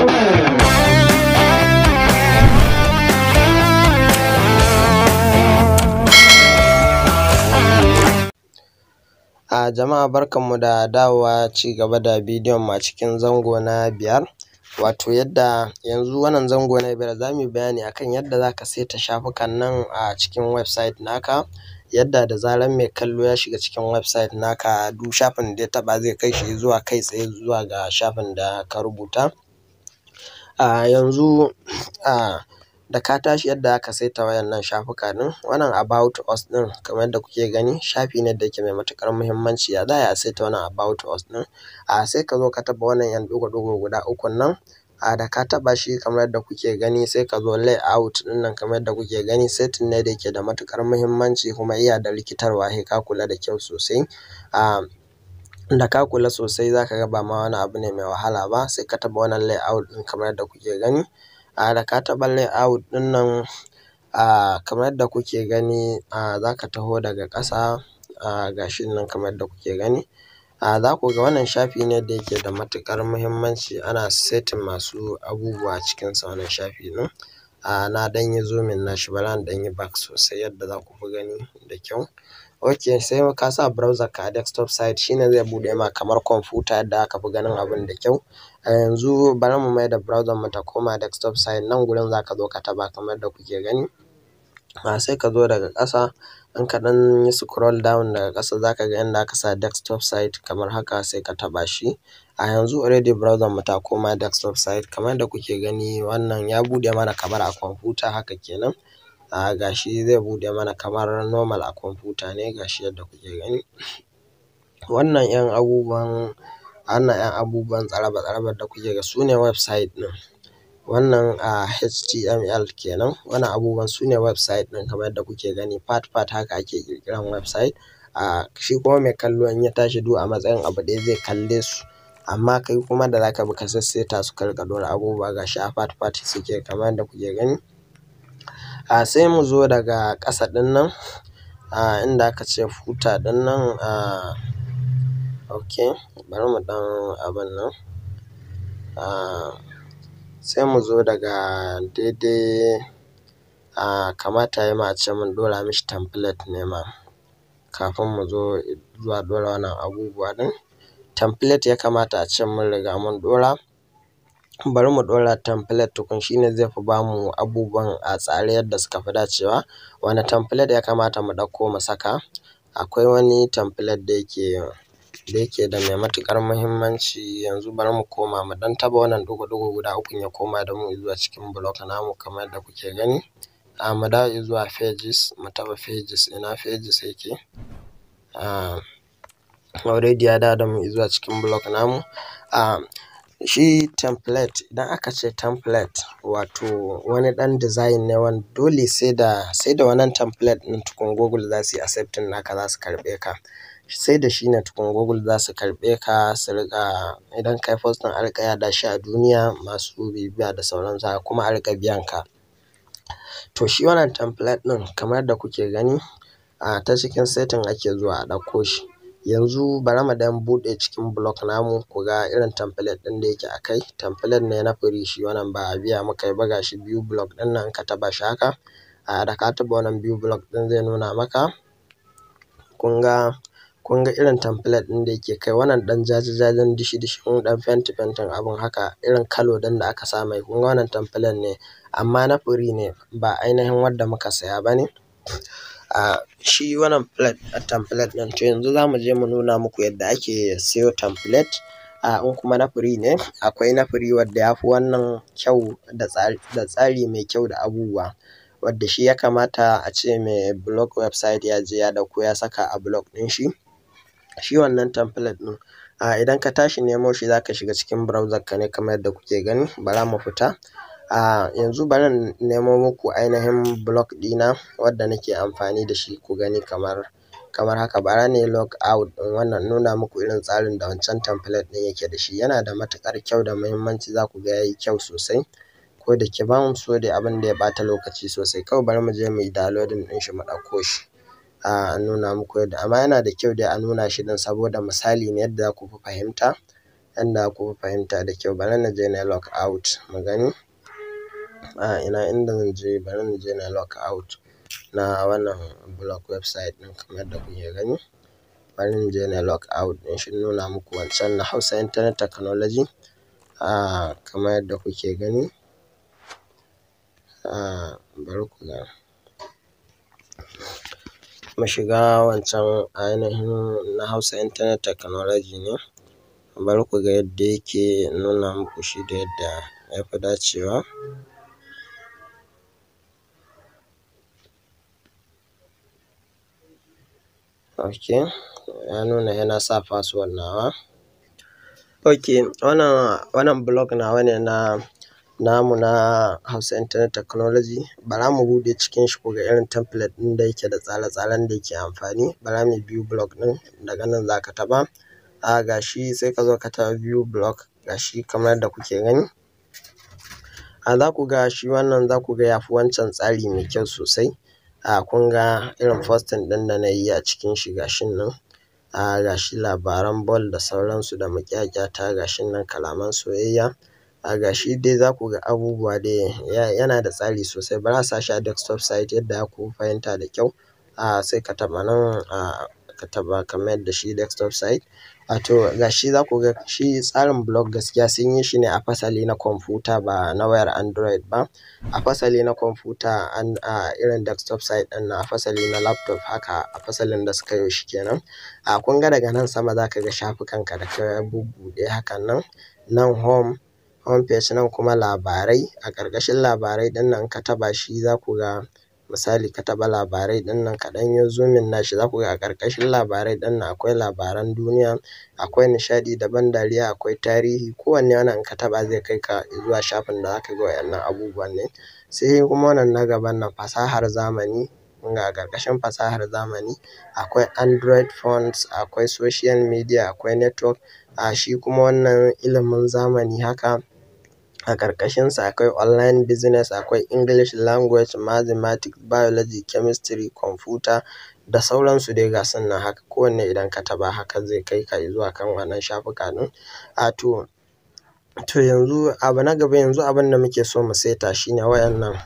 A jama'a barkanmu da dawowa ci gaba da bidiyon mu cikin zango na biyar wato yadda yanzu wannan zango na biyar za mu yi bayani akan yadda za ka saita shafukan nan a cikin website naka yadda da zaran mai kallo ya shiga cikin website naka duk shafin da ya taba zai kai shi zuwa kai tsaye zuwa ga shafin da ka rubuta A yanzu a da ka tashi yadda aka saita wayannan shafuka ɗin, wannan about us ɗin kamar yadda kuke gani shafi ne da yake mai matukar muhimmanci. Ya za a saita wannan about us ɗin? A sai ka zo ka taba wannan yan ɗigo-ɗigo guda ukunnan, nan. A da ka taba shi kamar yadda kuke gani sai ka zo layout ɗin nan kamar yadda kuke gani setting ne da yake da matukar muhimmanci kuma iya da rikitarwa sai ka kula da kyau sosai. A. da ka kula sosai za ka ga ba ma wani abu ne mai wahala ba sai ka taba wannan layout ɗin kamar yadda kuke gani a da ka taba layout ɗin nan a kamar yadda kuke gani a za ka taho daga ƙasa a gashi nan kamar yadda kuke gani a za ku ga wannan shafi ne da yake da matuƙar muhimmanci ana setting masu abubuwa cikin sa wannan shafi ɗin a na ɗan yi zooming nashi na ɗan yi back sosai yadda za ku fi gani da kyau Ok, sai ka sa browser ka desktop site shine zai buɗe ma kamar kwamfuta yadda aka fi ganin abin da kyau. A yanzu bari mu mai da browser mu ta koma desktop site nan gurin za ka zo ka taɓa kamar da kuke gani. ma sai ka zo daga ƙasa in ka dan yi scroll down daga ƙasa za ka ga inda aka sa desktop site kamar haka sai ka taba shi. A yanzu already browser mu ta koma desktop site kamar da kuke gani wannan ya buɗe mana kamar a computer haka kenan. a gashi zai bude mana kamar normal a kwamfuta ne gashi yadda kuke gani wannan 'yan abubuwan wannan 'yan abubuwan tsaraba-tsarabar da kuke ga sune website ɗin wannan a html kenan wannan abubuwan sune website ɗin kamar yadda kuke gani part part haka ake ƙirƙiran website a shi kuma mai kallo in ya tashi du a matsayin abu ɗaya zai kalle su amma kai kuma da zaka bi ka sassaita su ka ɗora abubuwa gashi a part part suke kamar yadda kuke gani A sai mu zo daga ƙasa ɗinnan, a inda aka ce futa ɗinnan a ok bari mu ɗan abin nan. A sai mu zo daga daidai a kamata ya ma mun ɗora mishi template ne ma kafin mu zo zuwa ɗora wannan abubuwa ɗin. Template ya kamata a ce mun riga mun ɗora. bari mu ɗora template tukun ne zai fi bamu abubuwan a tsare yadda suka fi dacewa wani template ya kamata mu ɗauko mu saka akwai wani template da yake da yake da mai matuƙar muhimmanci yanzu bari mu koma mu ɗan taɓa wannan ɗigo guda ukun ya koma da mu zuwa cikin block namu kamar yadda kuke gani a mu dawo zuwa pages mu taɓa pages ina pages yake a already ya dawo da mu zuwa cikin block namu a Shi template idan aka ce template wato wani ɗan design ne wanda dole sai da sai da wannan template ɗin tukun Google za su yi accepting naka za su karɓe ka. Sai da shi ne tukun Google za su karɓe ka su riƙa idan kai posting a riƙa yaɗa shi a duniya masu bibiya da sauran su kuma a riƙa biyan ka. To shi wannan template ɗin kamar da kuke gani a ta cikin setting ake zuwa a ɗauko shi. yanzu bari mu dan buɗe cikin blog namu ku ga irin template ɗin da yake a kai template ne na free shi wannan ba a biya mu kai ba shi biyu blog ɗin nan ka taba shi haka a da ka taba wannan biyu blog ɗin zai nuna maka kun ga kun ga irin template ɗin da yake kai wannan ɗan jaji-jajin dishi dishi kun ɗan fenti fentin abun haka irin kalo ɗin da aka sa mai kun ga wannan template ne amma na free ne ba ainihin wanda muka saya ba ne a shi wannan template ɗin to yanzu za mu je mu nuna muku yadda ake siyo template a in kuma na free ne akwai na free wadda ya fi wannan kyau da tsari mai kyau da abubuwa wadda shi ya kamata a ce mai blog website ya je ya dauko ya saka a blog ɗin shi shi wannan template ɗin a idan ka tashi nemo shi zaka shiga cikin browser ka ne kamar yadda kuke gani bara mu fita A yanzu bari in nemo muku ainihin block ɗina wadda nake amfani da shi ku gani kamar kamar haka bara ne log out ɗin wannan nuna muku irin tsarin da wancan template ɗin yake da shi yana da matuƙar kyau da muhimmanci za ku ga yayi kyau sosai ko da ke ba mu so dai abin da ya ɓata lokaci sosai kawai bari mu je mu yi downloading ɗin shi mu ɗauko shi a nuna muku yadda amma yana da kyau dai a nuna shi ɗin saboda misali ne yadda za ku fi fahimta yadda za ku fi fahimta da kyau bari na je na log out mu gani A ina inda zan je bari na je na log out na wannan blog website ɗin kamar da kuke gani. Bari na je na log out din shi nuna muku wancan na Hausa Internet Technology. A'a kamar yadda kuke gani. A'a bari ku ga. Mu shiga wancan ainihin na Hausa Internet Technology ne. Bari ku ga yadda yake nuna muku shi da yadda ya fi dacewa. Ok ya nuna yana sa password nawa. Ok wannan, wannan blog nawa ne na namu na Hausa Internet Technology. Bara mu bude cikin shi ga irin template ɗin da yake da tsare-tsaren da yake amfani. Bara mu biyu blog ɗin daga nan za ka taɓa. A gashi sai ka zo ka taɓa view blog Gashi kamar da kuke gani. A za ku ga shi wannan za ku ga ya fi wancan tsari mai kyau sosai. A kun ga irin fostin ɗin da na yi a cikin shi gashin nan, a gashi labaran bol da sauransu da maƙyaƙyata gashin nan kalaman soyayya. A gashi dai za ku ga abubuwa dai yana da tsari sosai. ba sa shi a desktop site yadda ku fahimta da kyau. A sai ka taɓa nan a ka taɓa kamar da shi desktop site. wato gashi ga ga shi tsarin blog gaskiya sun yi shi ne a fasali na kwamfuta ba na wayar Android ba. A fasali na kwamfuta an a irin desktop site ɗin na a fasali na laptop haka a fasalin da suka yi shi kenan. A kun ga daga nan sama za ka ga shafukan ka da ka bubbuɗe hakan nan, nan home, home page nan kuma labarai. A ƙarƙashin labarai ɗinnan nan ka taba shi za ku ga misali ka taɓa labarai ɗinnan kaɗan yo zoomin nashi za ku ga a ƙarƙashin labarai ɗinnan akwai labaran duniya akwai nishaɗi da ban dariya akwai tarihi kowanne wannan in ka taɓa zai kai ka zuwa shafin da zaka ga waɗannan abubuwan ne sai kuma wannan na gaban nan fasahar zamani ga a ƙarƙashin fasahar zamani akwai android phones akwai social media akwai network a shi kuma wannan ilimin zamani haka A ƙarƙashinsa akwai online business, akwai English Language, Mathematics, Biology, Chemistry, Computer da sauransu dai ga su haka kowanne idan ka taba haka zai kai ka zuwa kan wannan shafuka din A to, to yanzu abu na gaba yanzu abin da muke so mu saita shine wayannan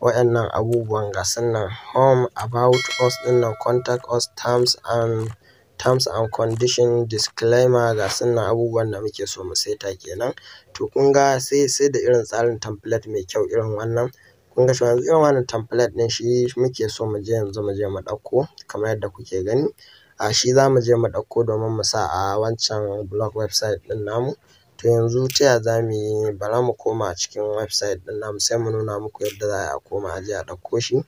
wayannan abubuwan ga su nan home, about us ɗinnan, contact us, terms and. terms and condition disclaimer ga sunan abubuwan da muke so mu saita kenan to kun ga sai sai da irin tsarin template mai kyau irin wannan kun ga yanzu irin wannan template din shi muke so mu je yanzu mu je mu ɗauko kamar yadda kuke gani a shi za mu je mu ɗauko domin mu sa a wancan blog website ɗin namu to yanzu ta ya za mu yi bara mu koma cikin website ɗin namu sai mu nuna muku yadda za a koma a je a ɗauko shi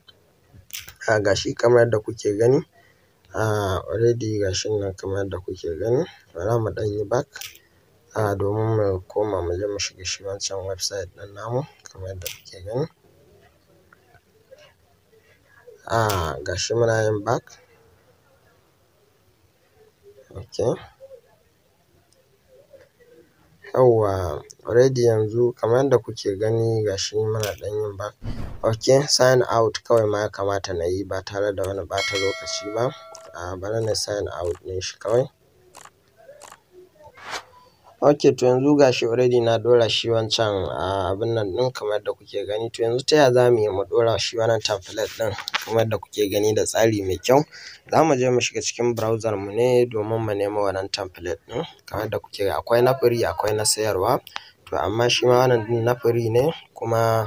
ga shi kamar yadda kuke gani Ah already gashin nan kamar yadda kuke gani. Bara mu ɗan yi back ah domin mu koma mu je mu shiga shi wancan website ɗin namu kamar yadda kuke gani. Ah gashi muna yin back. Okay. Yauwa already yanzu kamar yadda kuke gani gashi muna ɗan yin back. Okay sign out kawai ma ya kamata na yi ba tare da wani bata lokaci ba. a bari na sign out ne shi kawai ok to yanzu ga shi already na ɗora shi wancan abin nan ɗin kamar da kuke gani to yanzu ta yaya za mu yi mu ɗora shi wannan template ɗin kamar da kuke gani da tsari mai kyau za mu je mu shiga cikin browser mu ne domin mu nemo wannan template ɗin kamar da kuke akwai na free akwai na sayarwa to amma shi ma wannan ɗin na free ne kuma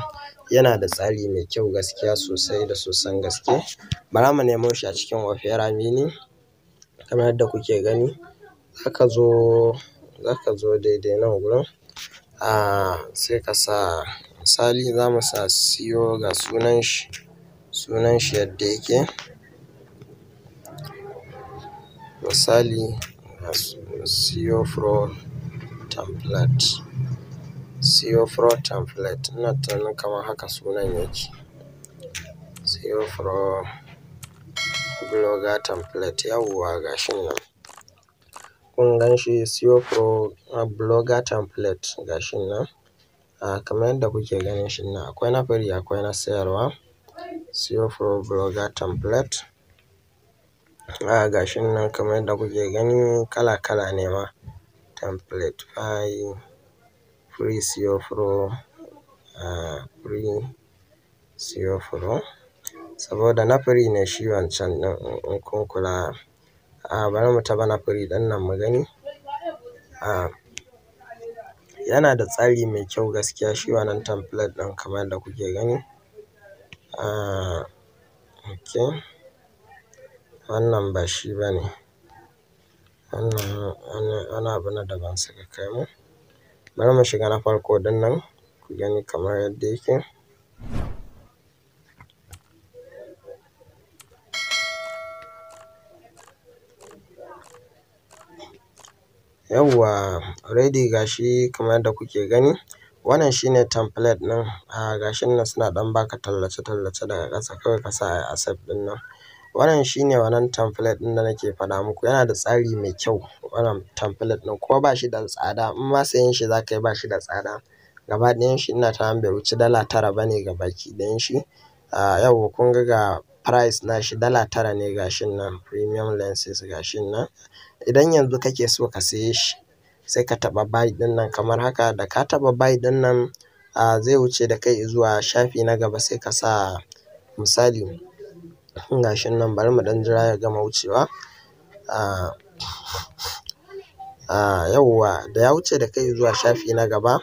yana da tsari mai kyau gaskiya sosai da sosan gaske. Bara mu nemo shi a cikin wafiyar amini. kamar yadda kuke gani. Zaka zo, zaka zo daidai nan gurin, a sai ka sa misali za mu sa siyo ga sunan shi, sunan shi yadda yake. Misali siyo Pro template. Theophro template ina tunanin kamar haka sunan yake. Theophro blogger template yauwa gashin nan. Kun gan shi Theophro blogger template gashin nan. a kamar yadda kuke ganin shi nan akwai na fari akwai na sayarwa. Theophro blogger template. ga shi nan kamar yadda kuke gani kala kala ne ma template. Ai. Pre-sciaoforo eh, saboda na nafri ne shi wancan in kun A bari mu na nafri dan nan mu gani. A yana da tsari mai kyau gaskiya shi wannan template din kamar da kuke gani. A okay wannan ba shi ba ne. Wannan wani abu da ban suka kai mu. Bari mu shiga na farko ɗin nan ku gani kamar yadda yake. Yawwa already gashi kamar yadda kuke gani wannan shi ne template ɗin um ah, ga nan suna ɗan baka tallace-tallace daga ƙasa kawai kasa a accept ɗin nan. Wannan shi shine wannan template ɗin da nake faɗa muku. Yana da tsari mai kyau wannan template ɗin kuma ba shi da tsada. In ma sayen shi za ka yi ba shi da tsada. Gaba ɗayan shi ina tunanin bai wuce dala tara ba ne ki ɗayan shi. yau kun ga ga price na shi dala tara ne gashin nan premium lenses gashin nan. Idan yanzu kake so ka saye shi sai ka taɓa buy ɗin nan kamar haka. Da ka taɓa buy ɗin nan zai wuce da kai zuwa shafi na gaba sai ka sa misali. Gashin nan bari mu ɗan jira ya gama wucewa. Ah, yauwa da ya wuce da kai zuwa shafi na gaba.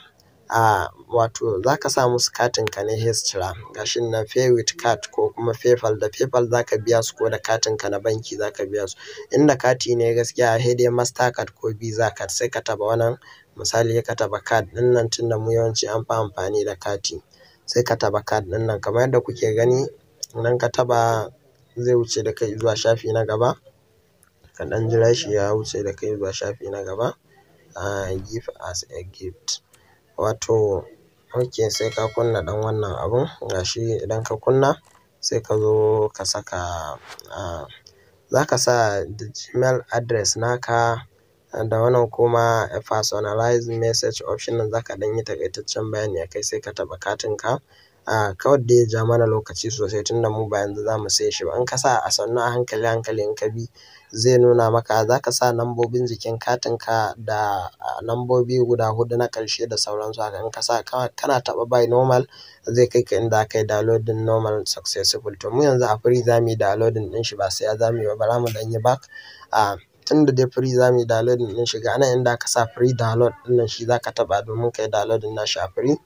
a wato za ka sa musu katin ka na Hestira gashin nan pay with card ko kuma PayPal da PayPal za ka biya su ko da katin ka na banki za ka biya su. inda kati ne gaskiya sai dai Mastercard ko Visa card sai ka taɓa wannan misali ka taba card ɗinnan nan tunda mu yawanci an fi amfani da kati. Sai ka taɓa card din nan kamar yadda kuke gani idan ka taɓa zai wuce da kai zuwa shafi na gaba ka ɗan jira shi ya wuce da kai zuwa shafi na gaba a give as a gift wato ok sai ka kunna ɗan wannan abun gashi idan ka kunna sai ka zo ka saka za ka sa da gmail address naka da wannan kuma a personalized message option za ka ɗan yi taƙaitaccen bayani a kai sai ka taɓa katinka a kawai da ya ja mana lokaci sosai tunda mu ba yanzu za mu sai shi ba in ka sa a sannu a hankali hankali in ka bi zai nuna maka za ka sa nambobin jikin katinka da nambobi guda hudu na ƙarshe da sauransu haka in ka sa kana taɓa buy normal zai kai ka inda aka yi downloading normal successful to mu yanzu a firi za mu yi dalodin ɗin shi ba sai ya za mu yi ba bara mu dan yi back a tunda dai free za mu yi dalodin ɗin shi ga nan inda aka sa free download ɗin shi za ka taɓa domin ka yi na nashi a firi.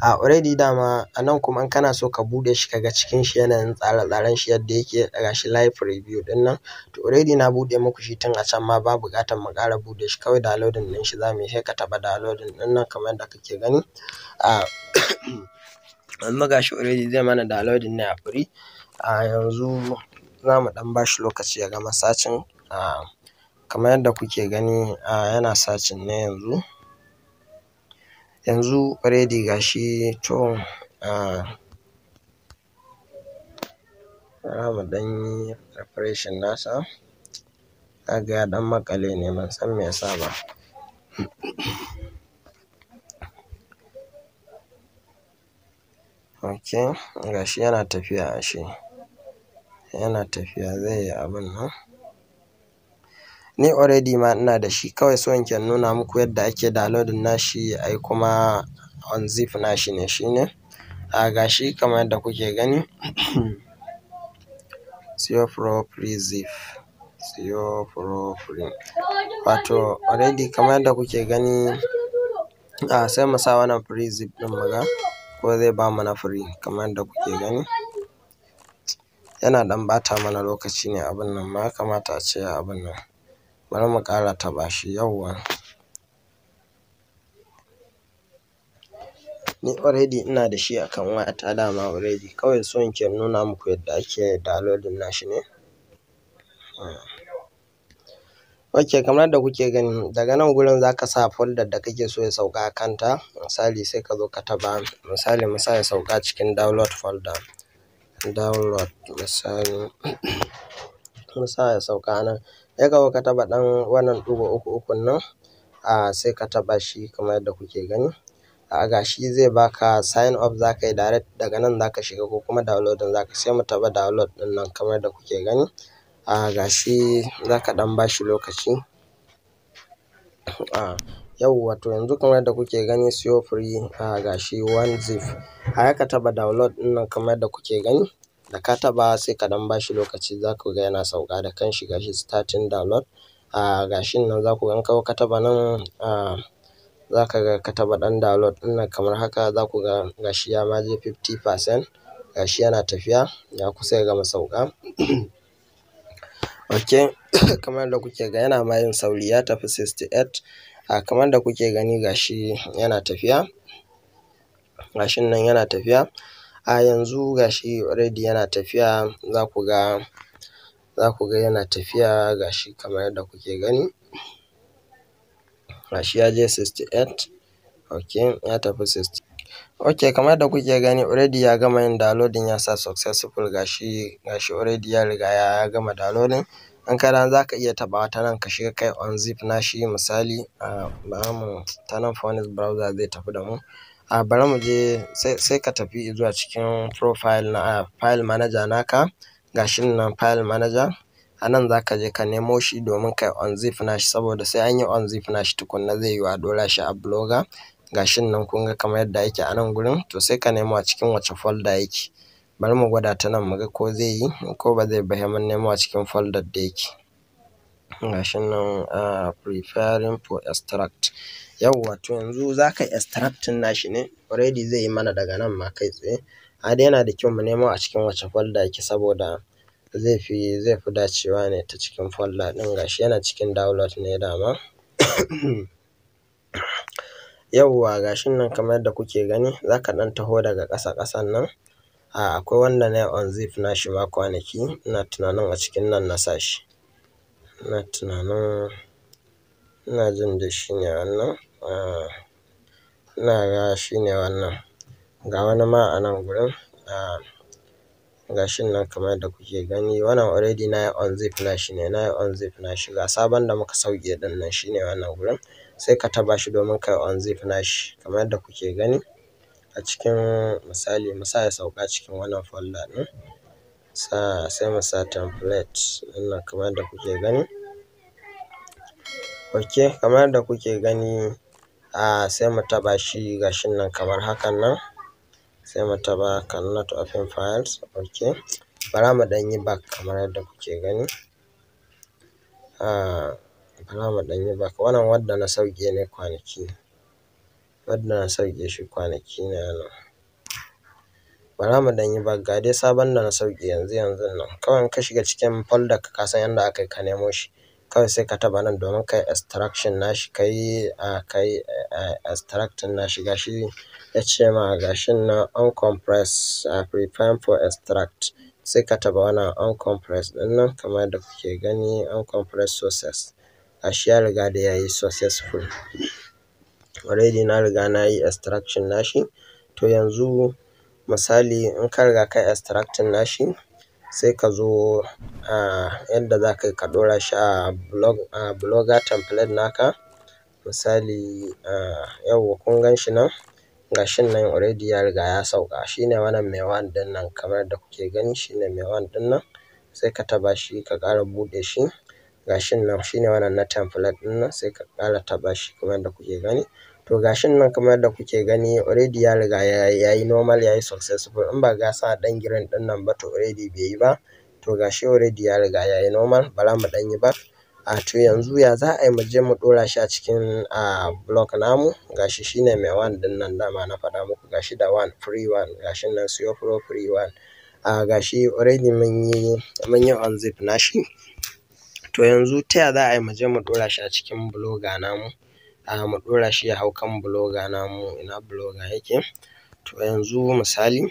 a already dama a nan kuma in kana so ka bude shi kaga cikin shi yanayin tsare-tsaren shi yadda yake daga shi live review din nan to already na bude muku shi tun a can ma ba buƙatar mu kara bude shi kawai downloading din shi zamu yi sai ka taɓa downloading din nan kamar yadda kake gani a amma ga shi already zai mana downloading ne a free a yanzu za mu ɗan ba lokaci ya gama sacin kamar yadda kuke gani yana sacin ne yanzu yanzu biredi ga shi to a mu ɗan yi preparation nasa za ga ya ɗan maƙale ne ban san me yasa ba ok ga shi yana tafiya ashe yana tafiya zai yi abin nan Ni already ma ina da shi kawai so nake in nuna muku yadda ake downloading nashi ai kuma unzip nashi ne shine. A ga shi kamar yadda kuke gani. Siyo Pro Free Zip. Siyo Pro Free. Wato already kamar yadda kuke gani a sai mu sa wannan free zip din mu ga ko zai bamu na free kamar yadda kuke gani. Yana dan bata mana lokaci ne abun nan ma kamata a ce abun nan. bari mu ƙara taɓa shi yauwa ni already ina da shi akan wayata dama already kawai so in ke nuna muku yadda ake downloading nashi ne hmm. ok kamar da kuke gani daga nan gurin zaka sa folder da kake so ya sauka a kanta misali sai ka zo ka taɓa misali mu ya sauka cikin download folder download misali Musa ya sauka nan ya gaba ka taɓa ɗan wannan ɗigo uku ukun nan a sai ka taɓa shi kamar yadda kuke gani a ga shi zai baka sign up za ka yi direct daga nan za ka shiga ko kuma downloading za ka sai mu taɓa download ɗin nan kamar yadda kuke gani a ga shi za ka ɗan ba shi lokaci a yau wato yanzu kamar yadda kuke gani siyo free a ga shi one zip a ka taɓa download ɗin nan kamar yadda kuke gani da ka taɓa sai ka ɗan bashi lokaci za ku ga yana sauka da kanshi gashi starting download a gashin nan za ku ga kawo ka taɓa nan za ka ga ka taɓa ɗan download ɗin nan kamar haka za ku ga gashi ya ma je 50% gashi yana tafiya ya kusa ya gama sauka ok kamar da kuke ga yana ma yin sauri ya tafi 68 a kamar da kuke gani gashi yana tafiya gashin nan yana tafiya a yanzu gashi already yana tafiya za ku ga za ku ga yana tafiya gashi kamar yadda kuke gani gashi ya je 68 ok ya tafi 60 ok kamar yadda kuke gani already ya gama yin downloading ya sa successful gashi gashi already ya riga ya gama downloading an kada za ka iya taba ta nan ka shiga kai on zip na shi misali a ah, ba mu ta nan browser zai tafi da mu a bari mu je sai ka tafi zuwa cikin profile na file manager naka gashi nan file manager a nan za ka je ka nemo shi domin kai unzip shi saboda sai an yi unzip shi tukunna zai yi wa dora shi a blogger gashin nan kun ga kamar yadda yake a nan gurin to sai ka nemo a cikin wace folder yake bari mu gwada ta nan mu ga ko zai yi ko ba zai ba mun nemo a cikin folder da yake gashin nan preparing for extract Yauwa to yanzu za ka yi extracting nashi ne already zai yi mana daga nan ma kai tsaye. a dai yana da kyau mu nemo a cikin wace folder yake saboda zai fi zai fi dacewa ne ta cikin folder din gashi yana cikin download ne dama. Yauwa gashin nan kamar yadda kuke gani za ka ɗan taho daga ƙasa ƙasan nan. A akwai wanda na yi na shi ma kwanaki ina tunanin a cikin nan na sashi. tunanin ina jin da shi ne wannan. Ah, ina ga wannan. Ga wani ma a nan gurin. Ah, ga shi nan kamar yadda kuke gani. Wannan already na yi zip nashi ne, na yi zip nashi. Ga sabon da muka sauke ɗinnan shine wannan gurin. Sai ka taɓa shi domin ka yi zip nashi kamar yadda kuke gani a cikin misali. Mu sa ya sauka cikin wannan folder ɗin. Sa sai mu sa template wannan kamar yadda kuke gani. ok kamar yadda kuke gani sai mu taɓa shi gashin nan kamar hakan nan sai mu taɓa cannot open files ok bara mu ɗan yi back kamar yadda kuke gani bara mu ɗan yi back wannan wadda na sauke ne kwanaki wadda na sauke shi kwanaki ne nan bara mu ɗan yi back ga dai sabon da na sauke yanzu yanzun nan kawai in ka shiga cikin folder ka san yadda aka yi ka nemo shi kawai sai ka taɓa nan domin kai extraction nashi kai a kai extracting nashi gashi ya ce ma gashi na uncompress a prepare for extract sai ka taɓa wannan uncompress ɗin nan kamar yadda kuke gani uncompress sources gashi ya riga da yayi successful already na riga na yi extraction nashi to yanzu misali in ka riga kai extracting nashi sai ka zo a ah, yanda za ka ka ɗora shi a blog, a blogger template naka. Misali a ah, yauwa kun gan shi nan, ga shi nan already ya riga ya sauka. Shi ne wannan mai wan ɗin nan kamar da kuke gani shi ne mai wan ɗin nan. Sai ka taɓa shi ka ƙara buɗe shi ga shi nan. Shi ne wannan na template ɗin nan sai ka ƙara taɓa shi kamar da kuke gani. to gashin nan kamar yadda kuke gani already ya riga ya yi normal ya yi successful in ba ga sa dan girin din nan ba to already bai yi ba to gashi already ya riga ya yi normal bara mu dan yi ba a to yanzu ya za a yi mu je mu dora shi a cikin a block namu gashi shine mai one din nan dama na faɗa muku gashi da one free one gashin nan siyo pro free one a gashi already mun yi mun yi unzip nashi to yanzu ta ya za a yi mu je mu dora shi a cikin blogger namu mu ɗora shi ya hau kan bloga namu ina bloga yake to yanzu misali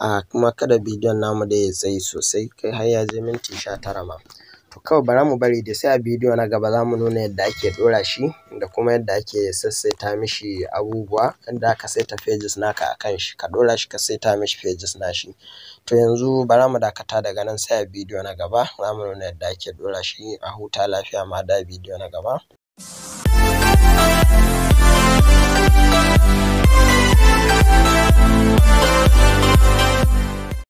a kuma kada bidiyon namu dai ya tsayi sosai kai har ya je minti sha tara ma to kawai bara mu bari da sai a bidiyo na gaba za mu nuna yadda ake ɗora shi da kuma yadda ake sassaita mishi abubuwa yadda ka saita pages naka a kan shi ka ɗora shi ka saita mishi pages na shi to yanzu bara mu dakata daga nan sai a bidiyo na gaba za mu nuna yadda ake ɗora shi a huta lafiya ma da bidiyo na gaba We'll